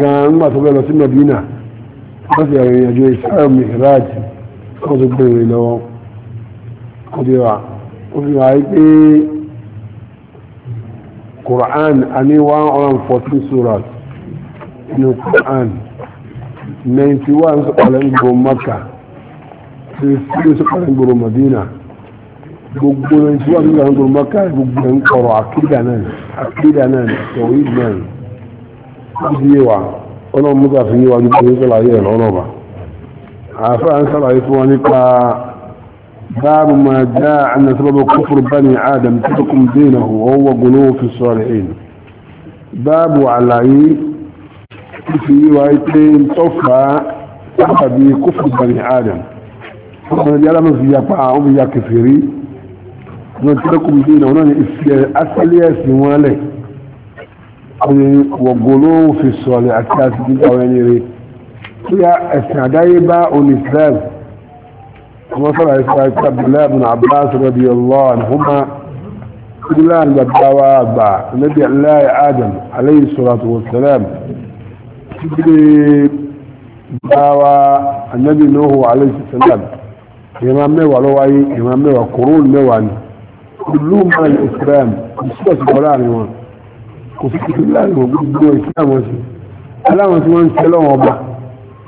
gan nígbà tó bẹ́ẹ̀ lọ sí Medina wọ́n sì rìn àjò Isra Mi'raj wọ́n tó gbé ìrìn lọ́wọ́ ó ti wà ó Quran a ní one surat inú Quran 91 one sọ̀kalẹ̀ ń gbọ́ Maka three three sọ̀kalẹ̀ ń gbọ́ Medina gbogbo ninety one sọ̀kalẹ̀ ń Maka gbogbo ń kọ̀rọ̀ àkídà náà àkídà náà tọ̀wé náà. باب ما جاء ان سبب كفر بني ادم تبكم ان وهو قلوه في الصالحين باب ان في روايتين توفى بكفر كفر ان ادم فمن جاء من في يقع او في يكفري تبكم دينه ونحن اسئله سواله wọ̀gbọ̀ló fi sọ̀lẹ̀ àti àti àwọn ẹni rẹ̀ tí a ẹ̀sìn àdáyébá onislam ọmọ sọ́rọ̀ àìsíkà àti abdullahi bin abbas radiyallahu anhuma ìdílá àgbàgbàwà àgbà nabi allahi adam alayhi salatu wa salam ìdílé gbàwà annabi nuhu alayhi salam ìmá mẹ́wàá ló wáyé ìmá mẹ́wàá kòrónù mẹ́wàá ni ìlú mọ́ ìsìlám ìsìlẹ̀ sí kò sí títí láàrin gbogbo ìsí àwọn sí aláwọn tí wọ́n ń tẹ́ lọ́wọ́ ọba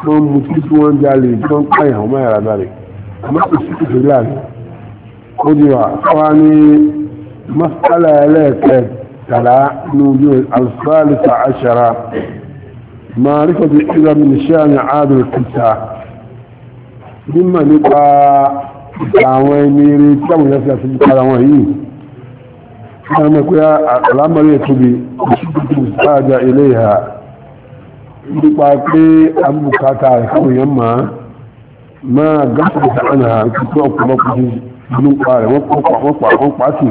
wọ́n mú tí tí wọ́n ń jalè tí wọ́n ń pààyàn ọmọ ẹ̀rọ adáre àmọ́ kò sí títí láàrin ó di wà wá ní masala ẹlẹ́ẹ̀kẹ́ tàlá ní ojú alfáàlìta àṣàrà máa rí fọ́tí mi ṣe àmì àádọ́ kìtà mímọ̀ nípa ìtàwọn ẹni rí tí àwọn yẹn fi àti ìtara wọn yìí كما يقول العمل ya بسجد إليها nípa pé abúkátà ìkàwọn èèyàn máa máa gáàsìkò àná ìkàtí ọ̀pọ̀lọpọ̀ sí nípa rẹ̀ wọ́n pàtì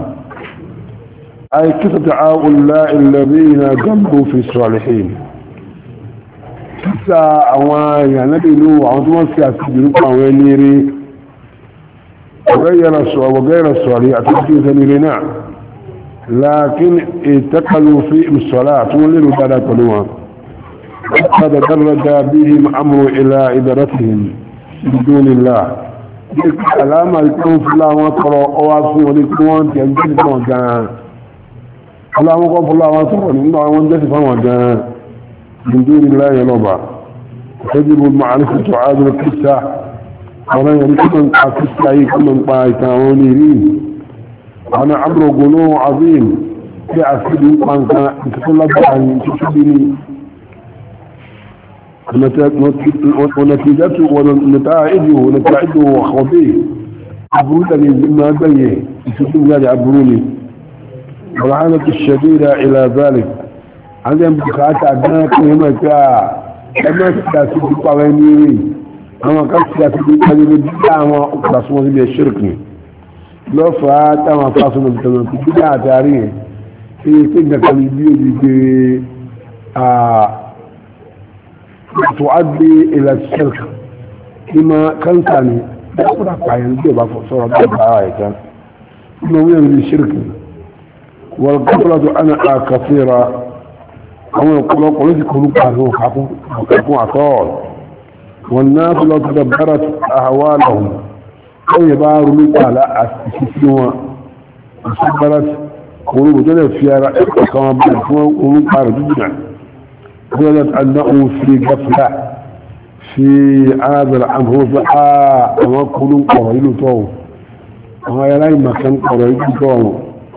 àìkítàtà àwọlá ìlẹ̀rí ìrìnà gọ́mù fi sọ̀rọ̀lẹ̀hìn títà àwọn èèyàn náà ìlú àwọn tí wọ́n fi àti ìrúkọ àwọn ẹni rí ọ̀gẹ́yẹ̀rẹ̀ sọ̀rọ̀ àti ìjọ́ ìsẹ́ni rí náà لكن اتقلوا في الصلاة ولنوا بلا قنوها قد درد بهم أمر إلى إدارتهم بدون الله الكلام يكون في الله وطرع أواصل ولكوان تنجل كوان الله وقف الله وطرع إنه وندس فوان من دون الله يلوبا تجب المعرفة تعادل القصة ولا يريد من قاكسة كمن قايتا ونيرين انا عمرو قنوه عظيم في عسكري يطعن كان يتطلب عن تشبيني ونتيجته ونتائجه ونتائجه وخوضيه عبروني مما بيه يتطلب قال عبروني والعانة الشديدة الى ذلك عندهم بقاعات عدناك مهمة كما سياسي بطاليني اما كان سياسي بطاليني بطاليني بطاليني بطاليني بطاليني بطاليني lọ́fà táwọn afásọ́nà ìtọ́nà tó gbé àtàrí ẹ̀ ṣe pé nǹkan ní bí ojú pé àtò àgbé ilẹ̀ ṣẹ́lẹ̀ ní ma káńsà ni dákúrà pààyàn bí ọba sọ̀rọ̀ bí ọba ara ẹ̀ta ní wọ́n yẹn ní ṣírkì wọ́n gbọ́dọ̀ tó ana àkàfẹ́ra àwọn ọ̀pọ̀lọpọ̀ ló ti kọ́ nípa àwọn òkàkùn àtọ́ọ̀ wọ́n náà tó lọ tó dàbára àwọ̀ àlọ́hùn ẹ̀yẹ bá ronú pààlà àti sí wọn ìṣẹ́gbára orúkọ tó lè fi ara ẹ̀kọ́ kan wọn bẹ̀rẹ̀ fún orúkọ ààrẹ dúdú náà wọ́n lè tàná òun sí gafla sí ààbẹ̀rẹ̀ àmọ́ pé a àwọn kúrú kọ̀rọ̀ ìlú tó wọn àwọn ará ìmọ̀kan kọ̀rọ̀ ìlú tó wọn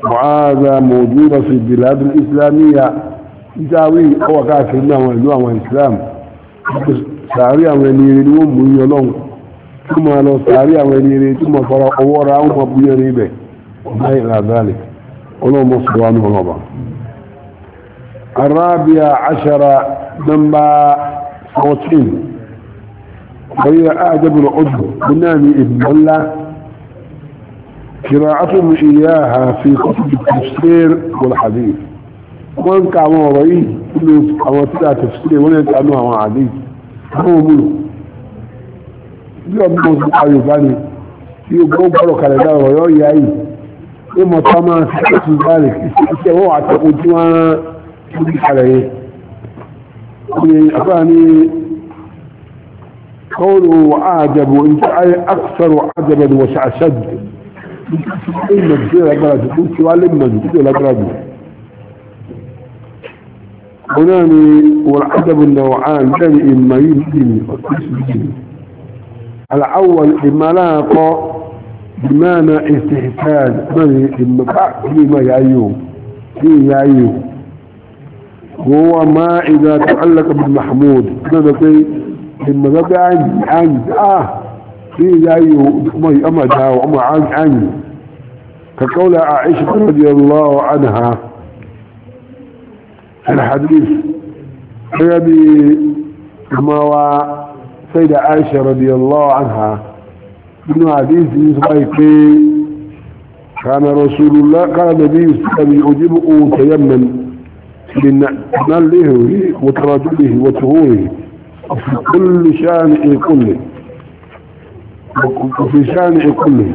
mọ̀áza mọ̀dúrà sí bìládùn islamiyya ìjáwé ọwọ́ káàkiri ní àwọn ìlú àwọn islam sàárì àwọn ẹni rí ni wọ́n mú yọ lọ́wọ́ ثم لو ساري عمليني ثم فرق وراء ومبنيني به ما إلى ذلك قلوا مصدوان ونبا الرابع عشر دنبا صوتين خير أعجب العضو بنامي ابن الله كراعة إياها في قصد التفسير والحديث وان كان وضعي كل يتقوى تفسير وان يتقوى مع هو ملو bí ọmọ oṣù ayọ̀bá ni tí o gbọ́ gbọ́rọ̀ kalẹ̀ náà ọ̀yọ́ ìyá yìí ó mọ̀ tó máa ń fi ṣe báyìí iṣẹ́ wọn àtẹ̀kù tí wọ́n ń fi kalẹ̀ yẹn. ni àbá ni kọ́ọ̀lù àjẹbù níta ayé àkùsọ̀rọ̀ àjẹbù wọ̀ṣẹ̀ àṣàjù ní ìmọ̀jú lágbára jù fún tiwa lè mọ̀jú tó lágbára jù. òun náà ni wọ́n àjẹbù náà wọ́n á ń bẹ́ẹ̀ ni ìmọ̀ yìí الأول لما لا يقع بمعنى استحسان لما يعيوه ليه يعيوه هو ما إذا تعلق بالمحمود ماذا تقول لما ذاك عنج عنج آه ليه يعيوه أما جاو أما عنج عنج كقول عائشة رضي الله عنها الحديث هذه ما هو سيدة عائشة رضي الله عنها من حديث يسمعك كان رسول الله قال النبي صلى يعجبه تيمم من نله وترجله وطهوره في كل شانئ كله وفي شانئ كله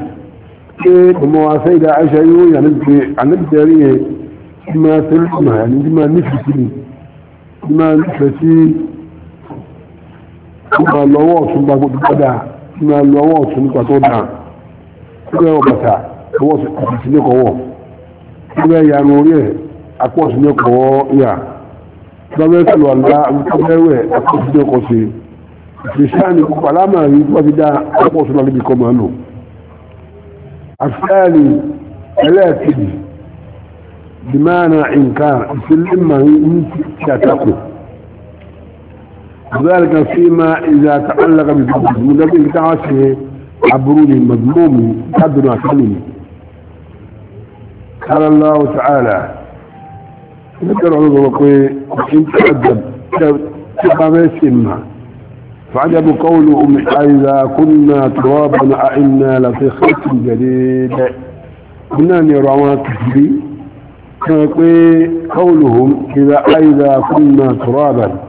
كما سيدة عائشة يقول عن يعني الدارية يعني ما تلمها يعني ما نفسي ما نفسي máa lọ ọwọ́ ọ̀tún nípa tó dáa máa lọ ọwọ́ ọ̀tún nípa tó dáa kúrẹ́ ọ bàtà ọwọ́ ọ̀tún ní kọ̀wọ́ kúrẹ́ ìyanu orí ẹ̀ akó ọ̀tún ní kọ̀wọ́ yà lọ́wọ́ ẹ̀kọ́ lọ ńlá akọ́bẹ̀rẹ̀ akó ọ̀tún ní kọ̀ sí ìfìṣàní kúkú alámà rí tó fi dá akó ọ̀tún níbi kọ́ máa àfẹ́ẹ̀lì ẹlẹ́ẹ̀kejì dìmáàna nǹkan ìfìlímà ń ṣàtàkùn وذلك فيما إذا تعلق بالمدرس مدرس تعاشه عبروني مضمومي قدنا كلمة قال الله تعالى ذكر عرض وقوي وحين تعجب تقاميس إما فعجب قول أم إذا كنا ترابا أئنا لفي خلق جديد كنا نروا كثيري قولهم إذا أئذا كنا ترابا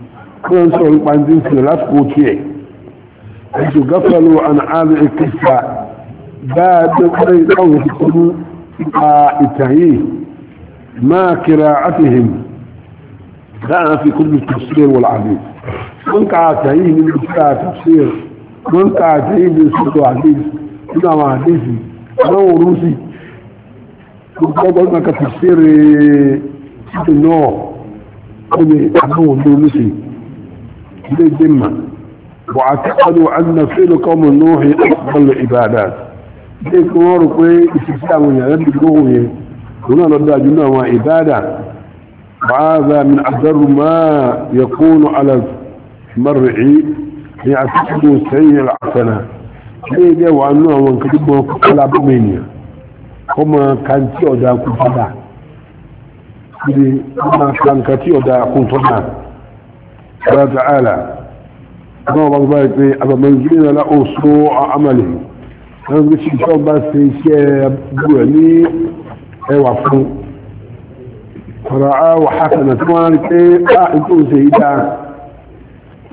كون سوري باندين سلالات قوتيه حيث قفلوا عن عالع الكفة بعد قرية قوة كل آئتهيه ما كراعتهم كان في كل التفسير والعديد من كعاتهيه من بسكاة تفسير من كعاتهيه من بسكاة حديث من أما حديثي أنا وروسي بالضبط أنك تفسير آه، ست النوع أنا وروسي بالذمة واعتقدوا أن فعل قوم نوح أفضل العبادات ليك مورك استسلام يا رب الروح هنا لدى جنة وعبادة وهذا من أجر ما يكون على المرء يعتقد سيء العسنة ليه ده وأنه وانكتبه كلا بمينيا كما كان تيودا كنتنا كما كان كتيودا كنتنا وتعالى تعالى أنا بضبط أبا منزلين له سوء عمله أنا بس شو بس شيء بقولي أيوة فو فرعا وحسنة وانا لك إيه، آه انتو سيدا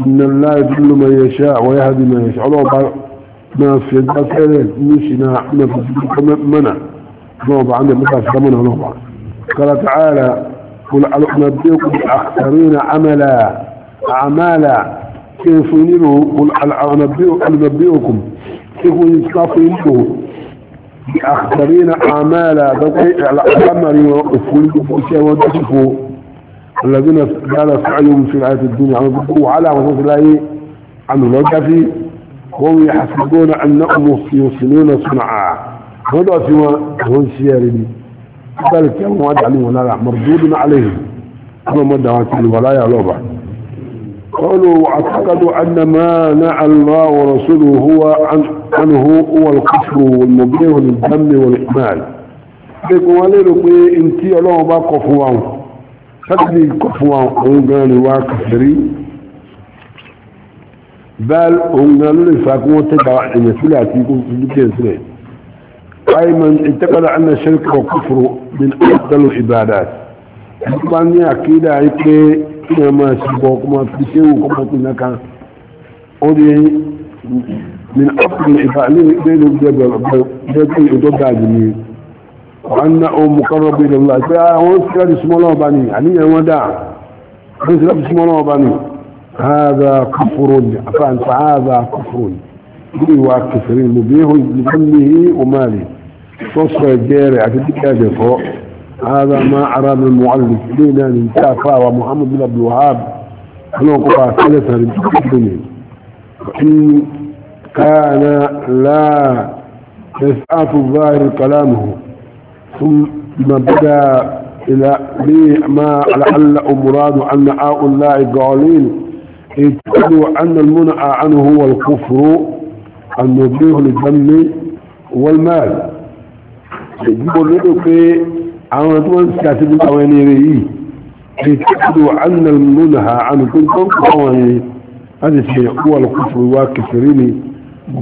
إن الله يدل من يشاء ويهدي من يشاء الله بار ما في الدخل مشينا ما في منع نوضع عند المكاس منع الله قال تعالى قل ألحنا بيكم أخسرين عملا أعمالا كيف ينيروا أنبئكم كيف يستطيعوا بأخسرين أعمالا دقيق الأمر وفقوا الذين قال سعيهم في العيات الدنيا عن على وصف الله عن لجفي وهم يحسبون أنهم يحسنون صنعا هذا سوى هون سياري ذلك يوم وعد عليهم ولا مردود عليهم أما مدى ولا يعلو بعد قالوا واعتقدوا أن ما نعى الله ورسوله هو عن عنه هو الكفر والمبيه للدم والإكمال بيكم وليلوا بي انتي الله ما كفوان تقضي كفوان قلقان وكفري بل لي لفاكم وتدعى إن يكون في جبتين سلات أي من اعتقد أن الشرك والكفر من أفضل العبادات طبعا يا أكيد عيكي kí wọ́n máa ṣe bọ́ kó máa fi ṣéwù kó máa pín náà ó ní min afirka ìfàlẹ́ ìdẹ́nu gbẹgbẹ́ ìtọ́ gàdì ni umm wọ́n ná ohun mọ̀kọ́rọ̀ bí ìdẹ́nu láti pé àwọn sílẹ̀ súnmọ́ náà bá ní àníyàn wọn dáa wọ́n sílẹ̀ súnmọ́ náà bá ní هذا كفر فأنت هذا كفر بيوا كفر مبيح لفمه وماله تصفى الجارع في الدكاجة فوق هذا ما أراد المعلم لنا من كافة ومحمد بن عبد الوهاب أنا أقول ثلاثة للمسلمين وإن كان لا في الظاهر كلامه ثم بدأ إلى ما لعل مراد أن هؤلاء قالين اتقلوا أن المنع عنه هو الكفر المبيه للدم والمال يجب لدك àwọn tó ń sika síbi àwọn ẹni rẹ̀ yìí lè tẹ́kọ̀dọ̀ annal múnaha àmìkún tó ń kọ́ wọn yìí láti ṣe wà lọ́kùnfò wa kẹfẹ́rí ni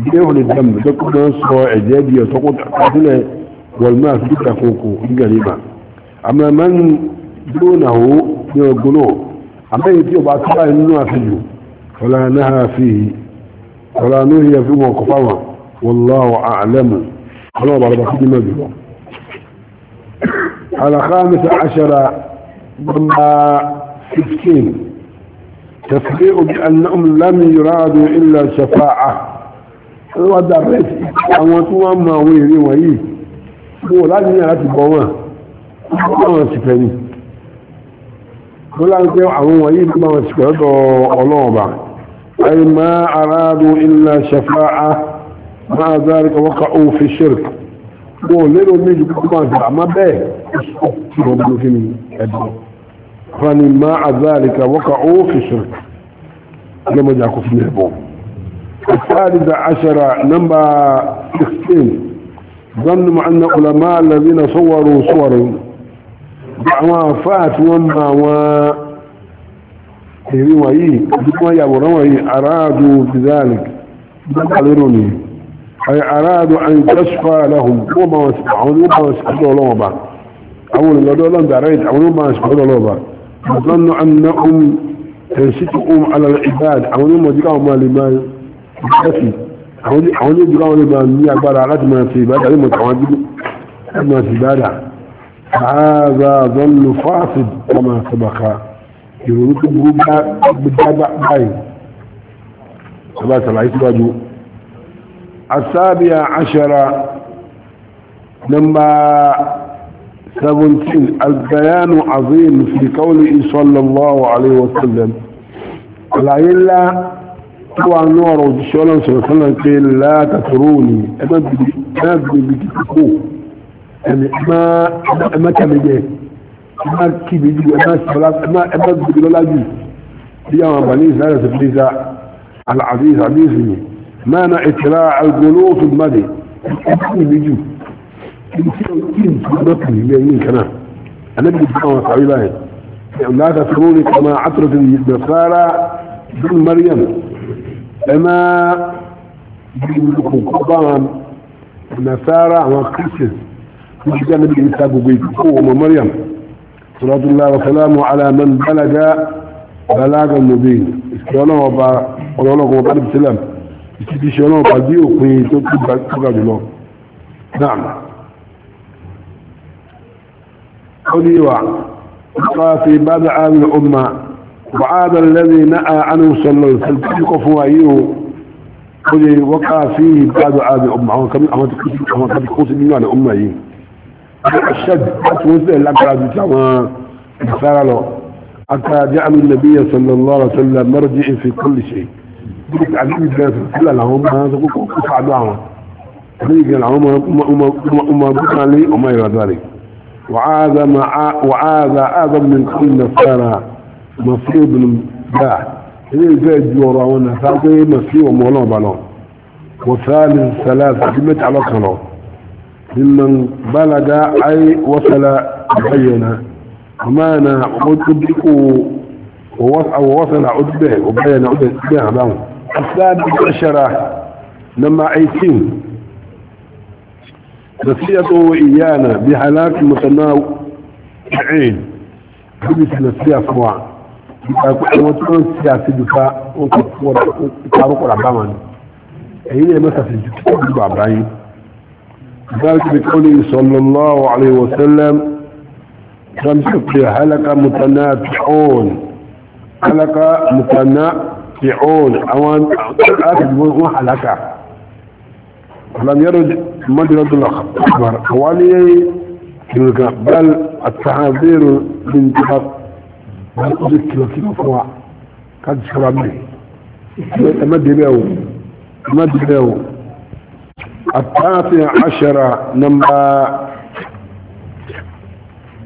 gbé wọn dàm tó kọ́ náà sọ ẹ̀jẹ̀ bí ọ̀tọ́kọ̀ tàbílẹ̀ wọ̀lmá àti dúkà kókò nígbàlè mà àmà máa ń على خامس عشر ضمى 15 تفريع بأنهم لم يرادوا إلا شفاعة الوضع الرئيس àwọn tó ويري máa wọ èrè wọ̀nyí wọ́n láti ní láti bọ̀ wọ́n wọ́n ti fẹ́ ní أي ما أرادوا إلا شفاعة مع ذلك وقعوا في الشرك wọn ò lérò méjì kúkú máa jù àmá bẹ́ẹ̀ ó sì wọ́n bí kí ni ẹ̀dùn fani ma àzáàlìkà wọ́ka ó fi ṣirk lọ́mọdé àkófí ẹ̀bọ̀ الثالثة عشرة نمبر 16 ظنوا أن علماء الذين صوروا صورهم àwọn àfáàtí wọ́n ma wọn èrí wọ̀nyí dúkọ́ yàwòrán wọ̀nyí aráàdù fìzálì lọ́kàlérò nìyí أي أرادوا أن تشفى لهم وما يسمعون وما الله بعد أول الله لهم داريت أول ما الله بعد ظنوا أنهم تنسيتهم على العباد أول ما جرعوا ما لما يكفي أول ما جرعوا لما يعبر على ما في أول ما تعجبوا ما في عبادة هذا ظن فاسد كما سبق يقولون بجابع باين سبات العيس باجوا السابعة عشرة لما سبنتين البيان عظيم في قوله صلى الله عليه وسلم إلا هو نور وشولا صلى الله عليه وسلم قال لا تتروني انا بكتكو يعني ما ما كبجي ما كبجي ما أنا ما ما بجي لا جي يا بني سالة سبليسة العزيز عزيزي معنى اطلاع الغلو في المدي بيجي النبي صلى الله عليه يعني وسلم لا تسروني كما عطرة النصارى بن مريم اما قبان النصارى وكريستيان مش كان النبي يسابوا بيتكو ام مريم صلاة الله وسلامه على من بلغ بلاغ المبين استوانا وبا ولولا وبا السلام ìtìdí ṣe ọlọ́run pàdé òpin tó kú gbàgbà jùlọ náà ó ní wà fi bada àmì ọmọ وعاد الذي نأى عنه صلى الله عليه وسلم يقفوا أيه قل وقع فيه بعد عاد أمه أما كم أما تكتب أما كم تكتب منه على أمه أيه الشد أتوزع لك عاد جماعة صار له حتى جعل النبي صلى الله عليه وسلم مرجع في كل شيء bí àdúgbò bẹ̀rẹ̀ sílẹ̀ làwọn máa ń sọ pé kò fàdó àwọn àdúgbò bẹ̀rẹ̀ làwọn máa ń bùkún alẹ́ ọmọ ìrọ̀dọ̀ rẹ̀ wàhálà ààzà mi kí n nàfàrà màfíì bìnnú bá ilé ìfẹ́ ju ọ̀rọ̀ àwọn nàfà pé màfíì ọmọ ọlọ́ọ̀bà lọ wọ́sálì sàlásì bí mẹ́ta lọ́kàn lọ mimman balaga ay wasala bayyana amana wa tudriku wa wasala udbe wa bayyana udbe hadamu الثاني عشرة لما عيسين نصيته إيانا بحالات متنوعين حديث نصيحة فوعا wọ́n ti àti dùfà wọ́n ti parọ́kọ̀ àbá wọn èyí ذلك بقوله صلى الله عليه وسلم كم تقل حلقة متناتحون حلقة متناتحون فرعون اوان اكد وان حلقا لم يرد مدرد الاخبار حوالي تلك بل التحذير من تحط بل قد كيلو كيلو فوا قد شربني مد بيو مد بيو التاسع عشر نمبر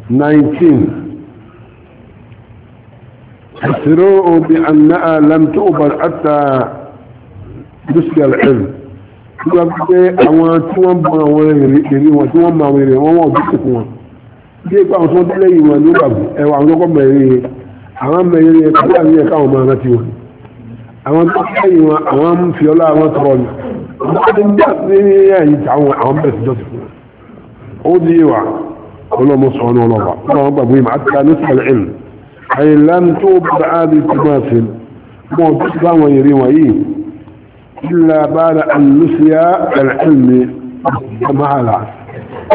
19 حسروه بأنها لم تقبل حتى تسجى العلم nígbà pé àwọn tí wọ́n bọ àwọn èrè wọn tí wọ́n mọ àwọn èrè wọn wọ́n ò dúkù fún wọn bí ipa àwọn tí wọ́n délé yìí wọn ní ìgbàgbọ́ ẹwà àwọn ọkọ̀ mẹ́rin àwọn mẹ́rin ẹ̀ka bí àwọn ẹ̀ka àwọn ọmọ ti wọn àwọn tó délé yìí wọn àwọn ń fi ọlá àwọn tọrọ ni wọ́n ti ń dá sí ní ẹ̀yìn tí àwọn àwọn bẹ̀rẹ̀ sí jọ́sìn fún wọn ó di ìwà ọlọ́mọ sọ̀rọ̀ ọlọ́wà ọlọ́wà gbàgbé أي لم توبد هذه التماثل موجود ويري وإيه إلا بعد أن نسي العلم معنا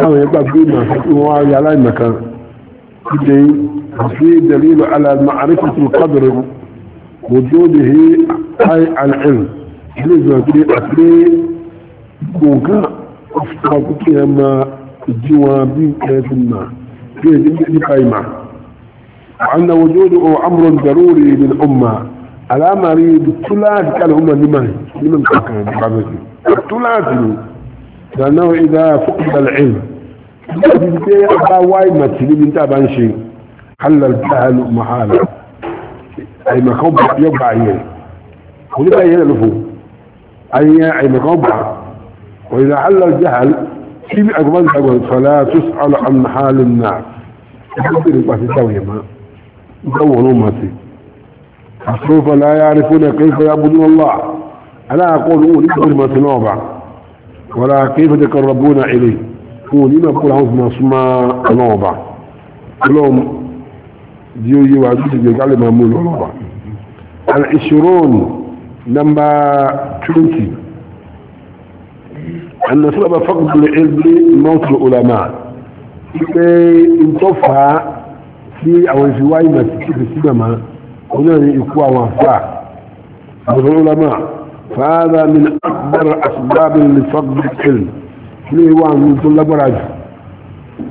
أو يبقى بما وعي على مكان في دليل على معرفة القدر وجوده أي العلم لذا في أكلي ممكن أفتح كما الجوابين كيف ما في جميع قيمة وأن وجوده أمر ضروري للأمة ألا مريض ثلاث كالأمة لمن لمن كان ثلاث لأنه إذا فقد العلم يجب أن يبقى واي ما تلي من تابان شيء حل الجهل محالة أي مكوب يبقى عيال ولما يلفو أي أي مكوب وإذا حل الجهل كيف أقبل فلا تسأل عن حال الناس يقدر يبقى في ما دور أمتي فسوف لا يعرفون كيف يعبدون الله ألا أقول أولي ما تنوبع ولا كيف تقربون إليه أولي ما أقول هوث ما تنوبع كلهم ديو يو عزيز يقال ما مول ونوبع العشرون لما تنتي أن سبب فقد العلم موت العلماء إذا انتفع tí àwọn ìfi wáyé mà sí kíkì sí màmá wọn náà ní ikú àwọn àfà àwọn ọlọ́mà fàádà mi ní akbar asibábi ní fagbe kìl ní ìwà àwọn tó lágbára jù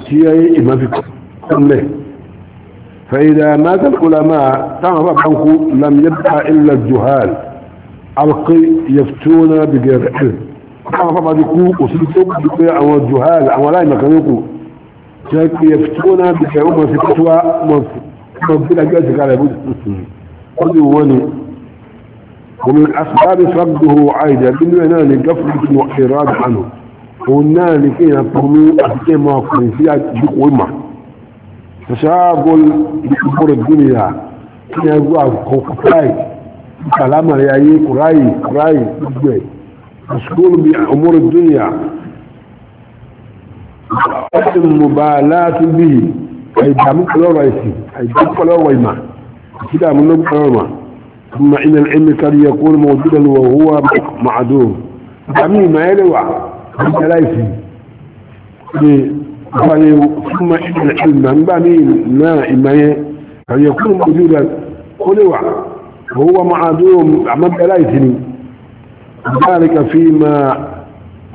sí ayé ìmáfi kọ́lẹ̀ fàyídà mátà ọlọ́mà táwọn bá bá ń kú lam yabqa illa juhal alqi yaftuna bi ghairi ilm táwọn bá bá ti kú kò sí tó kú pé àwọn juhal àwọn aláìmọ̀kan ló kù يفتون بكعومة في فتوى مبدلة جاسك على بود قد وني ومن أسباب صده عايدة بالمعنى لقفل وإراد عنه قلنا لكي نطمي أحكي ما فرنسية بقومة تشاغل بأمور الدنيا كي يقول كوكتاي كلام ريايي كراي كراي مشغول بأمور الدنيا المبالاة به هيدعمك لو رأيسي هيدعمك لو رأيما كده منك لو ثم إن العلم كان يكون موجودا وهو معدوم دعمي ما يلوع هيدا لايسي يعني ثم إن العلم من بامي ما إما كان يكون موجودا ولوع وهو معدوم عمد لايسي ذلك فيما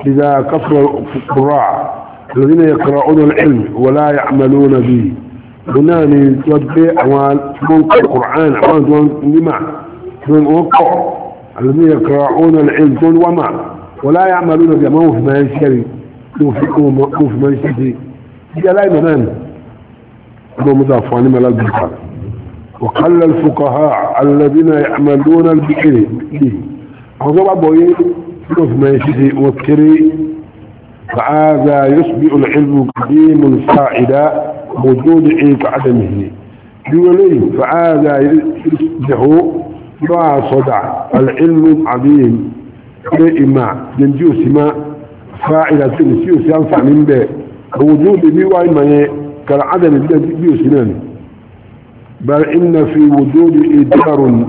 إذا كفر القراء الذين يقرؤون العلم ولا يعملون به هنا نتوجه أوان منقع القرآن أوان لما منقع الذين يقرؤون العلم وما ولا يعملون به من هو في ما يشتري يوفقهم في ما يشتري هي لا يمنان هو مضاف عن ملال وقل الفقهاء الذين يعملون به أعظم أبوين في ما يشتري وكري فهذا يشبع العلم قديم الفائدة وجود عيك عدمه بولي فهذا يشبع لا صدع العلم العظيم لإماء جنجيو سماء فائدة تنسيو سينفع من بي وجود أي ما كالعدم الذي سنان بل إن في وجود إدار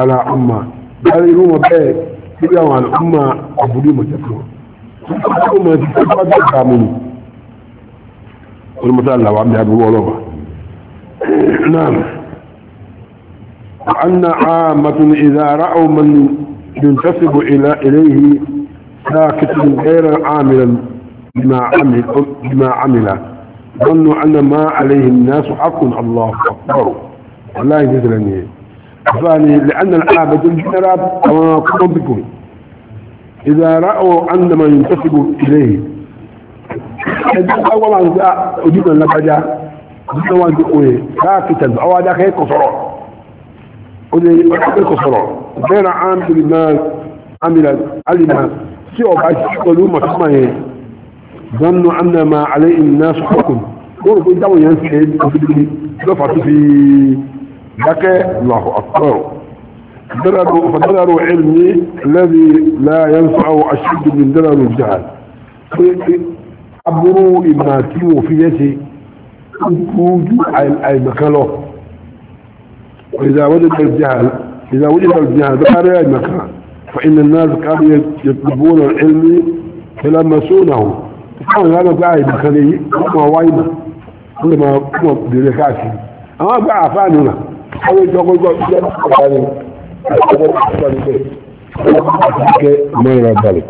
على أمة بل إنه به بيو عن أمة أبو لي متكلم ọmọ ti tó bá dàgbà mú ni وأن عامة إذا رأوا من ينتسب إلى إليه ساكت غير عاملا بما عمل نعم. بما عمل ظنوا أن ما عليه الناس حق الله أكبر والله يجزي ثاني لأن العابد الجنراب كما قلت بكم إذا رأوا أن ما ينتسب إليه أول ما أجيب أن نبجا جدا وان تقوي ساكتا أو هذا كي قصرا أولي أحبي قصرا غير عام لما عمل علم سيو باش قلوا ما هي، ظنوا أن ما عليه الناس حكم قولوا كنت دعوا ينسحب لفعت في ذكي الله أكبر فدرر علمي الذي لا ينفع أشد من درر الجهل عبروا إما كيو في يتي أي مكانه وإذا وجد الجهل إذا وجد الجهل دار أي مكان فإن الناس كانوا يطلبون العلم فلمسونه فكان هذا قاعد مكاني كما وايمة كما كما بلكاتي أما بقى فانونا أول جاكو جاكو جاكو ما إلى ذلك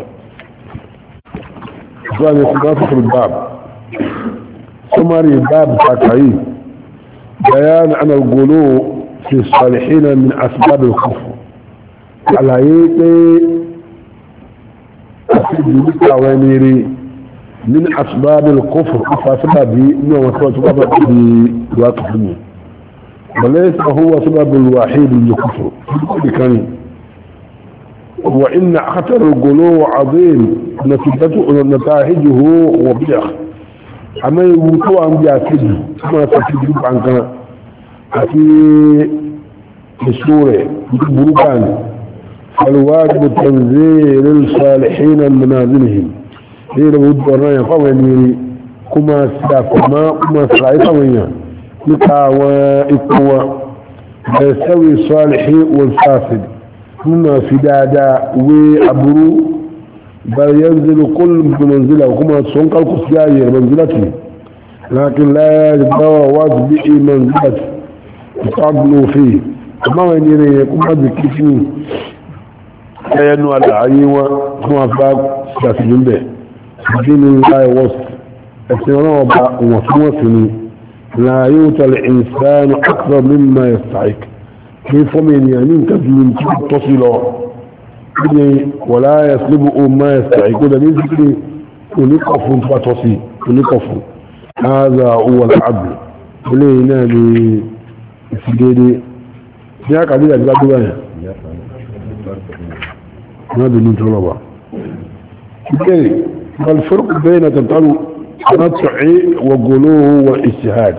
ثاني خلاصة الباب سمري باب تقعيد بيان عن القلوب في الصالحين من أسباب الخوف على يدي أسيد بك من أسباب الكفر أسباب نوع وتوتبابك بواقف منه وليس هو سبب الوحيد للكفر بكريم وإن خطر القلوب عظيم نتيجته نتائجه وبيخ أما يقولوا أن يأكد كما تكذب عن كنا في السورة بروكان فالواجب تنزيل الصالحين من منازلهم هي لابد أن يقوم كما سلاكما كما سلاكما متى وإقوى بسوي صالحي والفاسد هما في دادا وأبرو بل ينزل كل منزله هما سنقى القصياء منزلته لكن لا يجدوا واسبئي منزلته يقابلوا فيه كما وين يريد يقوم هذا كيفين كيانو على هما فاق سياسي جنبه سجين الله وصف السيارة وباء وثموة سنين لا يؤتى الإنسان أكثر مما يستحق كيف من يمين تزمين تصل ولا يسلب ما يستحق هذا من ذكر ونقف فتصي ونقف هذا هو العدل ولينا لسجيدي يا قبيلة لا تبايا ما بنين طلبة الفرق بين تنطلق نطعي وقلوه واجتهاد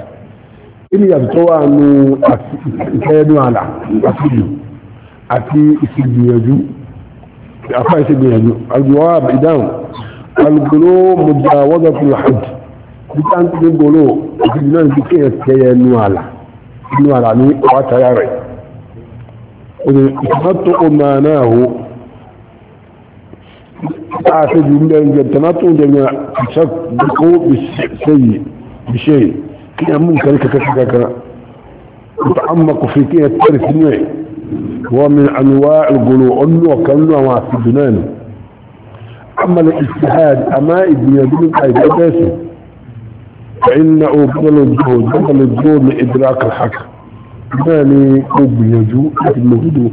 إن يبتوى أنه إسيادو على أسجو أتي إسجو يجو أفا إسجو يجو الجواب إدام القلوب مجاوزة الحج بكان تقولوا أسجنان بكي إسيادو على إنو على أنه واتياري إذن إسمت أماناه أعتد من أن تمتع لأن تصدقوا بالسيء بشيء كنا ممكن كتشكك تعمق في كيه الترث نوع ومن أنواع القلوع أنه كأنه ما في أما الاجتهاد أما ابن يدين قيد أساسي فإنه بدل الجهود بدل الجهود لإدراك الحق يعني قب يجو الموجود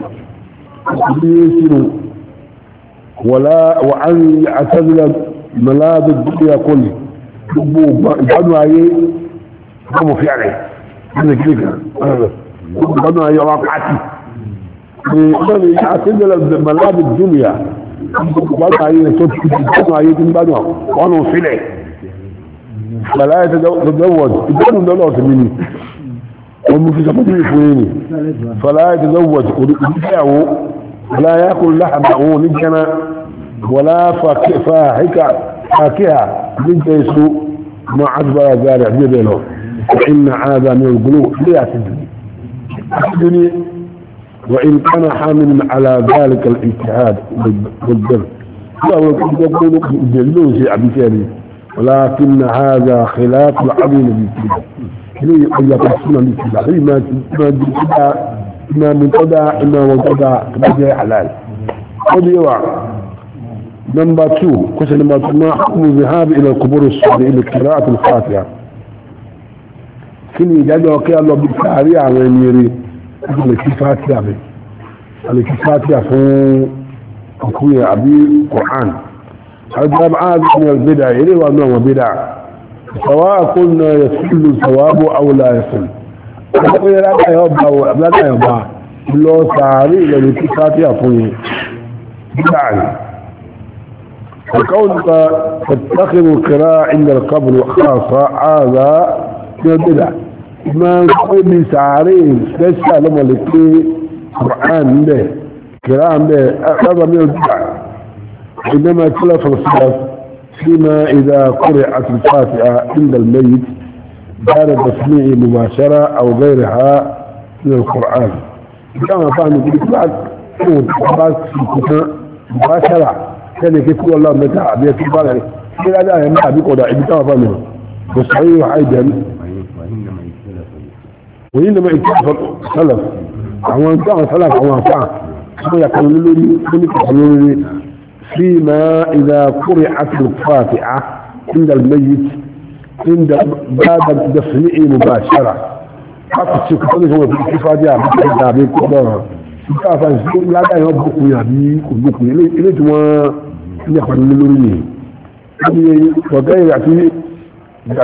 يسير ولا وأن يعتزل ملاذ الدنيا كله يبقوا يبقوا عليه يقوموا في عليه يعني. هذا كده يبقوا عليه واقعتي ومن يعتزل ملاذ الدنيا يبقوا عليه يبقوا عليه يبقوا وأنا وصلي فلا يتزوج يبقوا من دولة مني فلا يتزوج ولا يأكل لحمه لجنة ولا فاحكة فاكهة من لجيسه مع عزبها زارع جبله وإن هذا من القلوب لا تدني وإن كان حامل على ذلك الاجتهاد والدر ولكن هذا خلاف العظيم بالتدني eléyìí ọ̀yà tó súnmọ́ ní ìsìlá lórí máa ti máa di kódà máa mú kódà máa wọ kódà tó bá jẹ́ halal. ó ní wa nọmba tù kọ́sẹ̀ nọmba tù máa kúmù bí ha bí ilẹ̀ kúbúrú sọ̀rọ̀ ilẹ̀ kìlá àti fàtíà. kí ni ìdájọ́ kí a lọ bí sàárì àwọn ẹni rí àti lè kí fàtíà mi àlè kí fàtíà fún ọkùnrin àbí kọ̀án. àgbà bá a bí wọn gbé dà ilé wa náà wọn gbé dà. سواء قلنا يسل الثواب او لا يسل اقول لا يوبا لا يوبا لو ساري لو تفاتي افوني يعني القول تتخذ القراء عند القبر خاصة هذا من البدع ما نقول ساري ليس لما لكي قرآن به كلام به هذا من البدع عندما تلف الصلاة فيما إذا قرأت الفاتحة عند الميت بعد تسميع مباشرة أو غيرها من القرآن كما فهم يقول بعد بعد مباشرة كان يقول الله متاع بيت البالغ إلى لا يمنع بقضاء كما فهمه وصحيح أيضا وإنما اكتفى السلف عوان كان سلف عوان كان كما يقول لي كما يقول لي فيما إذا قرعت الفاتحة عند الميت عند بعد التصنيع مباشرة حتى تكون هو في الفاتحة مثلا بكبرها كافا لا داعي يبقوا يا بي كبقوا إليه توا يخبر من لوريه وغير يعطي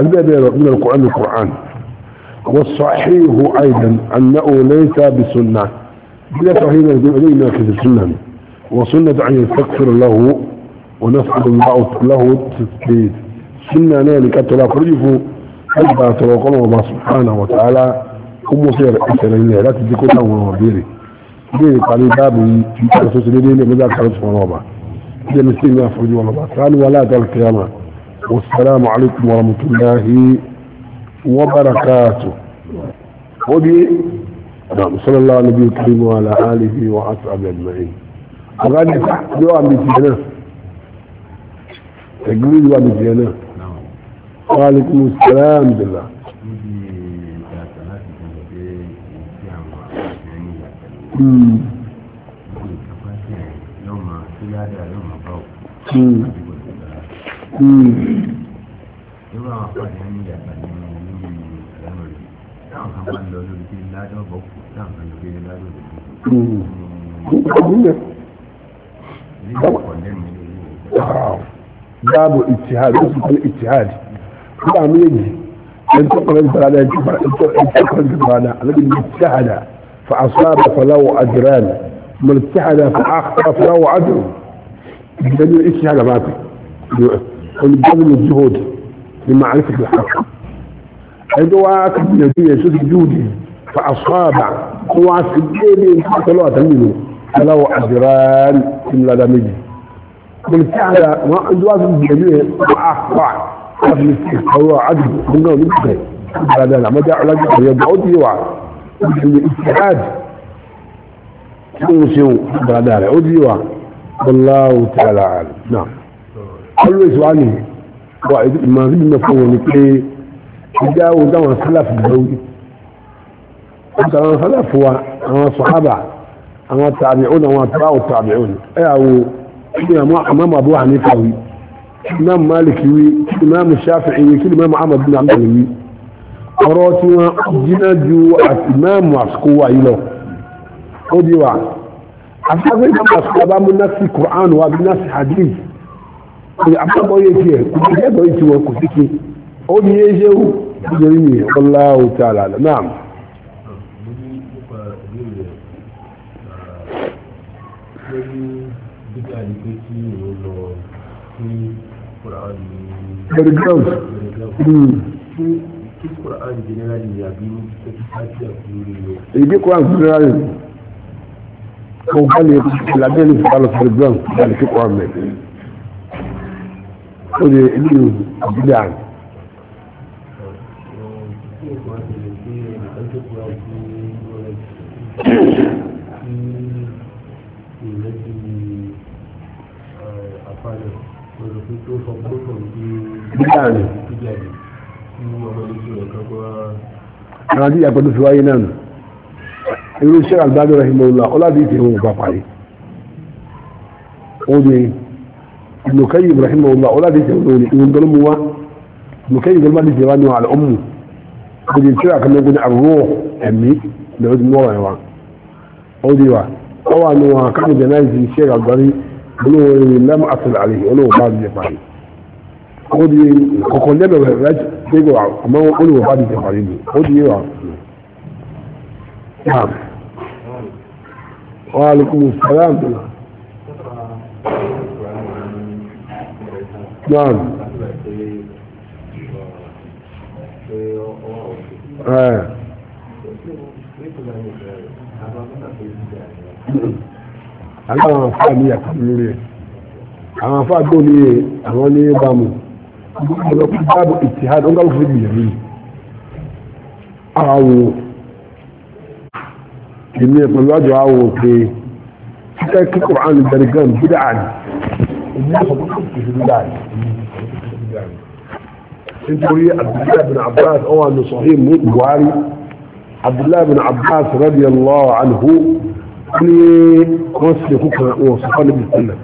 الباب من القرآن القرآن والصحيح أيضا أنه ليس بسنة ليس صحيح أنه ليس بسنة وسنة دعا يستغفر له ونسأل الله له التثبيت سنة ذلك تلاقيه أجبع توقعه الله سبحانه وتعالى كم مصير أسأل الله لا تذكر له وبيري بيري قال بابي يتأسس لديه مدى كرسف الله إذا نسينا يفرج والله ثاني ولا القيامة والسلام عليكم ورحمة الله وبركاته ودي نعم صلى الله عليه وسلم وعلى آله وأصحابه أجمعين ọ̀gá ní yóò wà bìtì yẹn náà ẹ̀gbìn yóò wà bìtì yẹn náà wàhálìkùn sàlám bìlà. Ìwé àwọn afọ́dé ní ìyàtọ̀ ní ìlú ìlànà rẹ̀. Táwọn kan bá ń lọ lórí kí ládọ́ bọ̀ kù, táwọn kan lórí ládọ́ bọ̀ kù. báàbò ìtìhad ó sì pẹ̀lú ìtìhad nígbà méjì ẹni tó kọ̀ọ̀rọ̀ ìgbàlá ẹni tó kọ̀ọ̀rọ̀ ìgbàlá alábi ní ìtìhad fa asáàbà fọláwọ àjìrán mọ ìtìhad fa àkàrà fọláwọ àjò ìgbẹ́ni ìtìhad máa fi olùgbàlá ní jihod ní màálífà ìlhàq ẹni tó wá kàbí nàìjíríà sókè jihod fa asáàbà kó wá sí déédéé ní àtọ́lọ́ àtàlẹ́ لو عذران كل دمج كل ساعة ما عندو عذر الجميع وعاق وعاق قبل هو عذر كنا ونبقي لا لا لا ما جاء علاج يبعود يوعاق بحل الإتحاد شو لا لا لا عود يوعاق الله تعالى عالم نعم كل سؤالي وعيد الماضي نفوه نكي جاءوا دوا سلف الدولي دوا سلف هو صحابه àwọn tàbí'ún àwọn àtàbáwò tàbí'ún ẹ̀yàwó imam abu hanifa wi imam malik wi imam shafi wi kí imam ahmad bin abdul wi ọ̀rọ̀ tí wọ́n jiná ju imam àsìkò wa yìí lọ ó di wa àtàbí imam àsìkò bá mú nasi quran wa bí nasi hadith àbábọ̀ yẹ kí ẹ kò sí ẹ̀dọ̀ yìí tí wọ́n kò sí kí ó ṣe jẹ́ ọlọ́wọ́ tí a lálẹ́ náà very ground. ìdí hmm. Quran generally kò bá lè lábẹ́ lè fi kálọ̀ very ground bá lè fi Quran mẹ́. ó lè ní àbúlé àrùn. Thank you. bídà ni. àwọn àti ìyàgbọ́dọ̀ fi wáyé náà nù irú iṣẹ́ àgbàdo rahimahullah ọlábí ti hùwà bá parí ó ní ìlúkẹ́yì rahimahullah ọlábí ti hùwà ní ìwọ̀n gbọ́dọ̀ mu wá ìlúkẹ́yì gbọ́dọ̀ ti wá ní àlọ́ ọ̀mù ó ní iṣẹ́ àkànnẹ́gbẹ́ ní àrùn ẹ̀mí lọ́wọ́ ti mú ọ̀rọ̀ wa ó ní wa ọwọ́ àná wa káàmù jẹ́ náà iṣẹ́ àgbàdo olówó lam asal alayhi olówó bá mi parí. ó di kọ̀kọ̀ lẹ́bẹ̀rẹ̀ rẹ̀ dégbò àmọ́ olùwọ̀ bá di jẹ̀fàrí ni ó di wà. wa alaikum salam naam ẹ̀ aláwọn afáàmì àkàbí lórí ẹ̀ àwọn afáàgbò ní àwọn ní bámu ọlọ́pàá báàbò ìtìhádì ó ń gbàgbọ́ fún ìgbìyànjú àwò èmi pẹ̀lú àjọ àwò pé kíkẹ́ kíkọ̀ àrùn gẹ̀rẹ̀gẹ̀rẹ̀ gbídà àrùn èmi àkọ́kọ́ kò sí gbídà àrùn nítorí abdullahi bin abbas ọwọ́ àná sọ̀hí mú buhari abdullahi bin abbas radiyallahu anhu ní wọ́n sì lè kú kan wọ́n sọ̀kọ́ níbi sílẹ̀.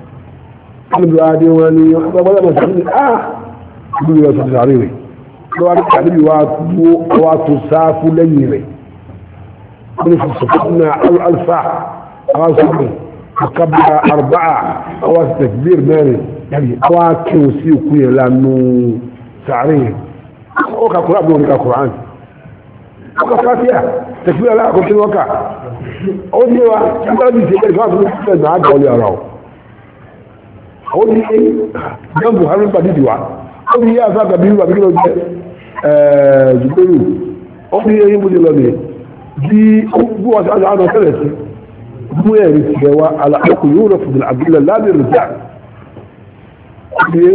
Kọ́lùbù ìlú yóò sọ̀rọ̀ sàárè rẹ̀ ló wá nípa níbi wá tó sáfù lẹ́yìn rẹ̀ wọ́n ní sọ̀kọ́nà alfa àwọn sọ̀rọ̀ akabara arba'a àwọn tẹ̀gbìr mẹ́rin yàrá àwọn kí o sí òkú yẹn lánú sàárè yẹn ó ka kúrò àbúrò ní ka kúrò àná ó ka fatiha tẹ̀gbìr aláàkọ́ tí wọ́n kà ó ní wa nígbà tí ìṣẹ̀lẹ̀ ìfọwọ́sọ̀rọ̀ ìfọwọ́sọ̀rọ̀ náà gbọ́lé ọ̀rọ̀ ó ní jẹ́ buhari ń padì wá ó ní yá àfáà kàbí wà kíló jẹ zùgbérù ó ní eyín bó ti lọ nìyẹn bí bí wọ́n ti àwọn àwọn ọ̀sẹ̀rẹ̀ sí mú ẹ̀rí tiẹ̀ wá alákòókò yóò rọ̀ fún mi àbúlẹ̀ lábẹ́ rẹ̀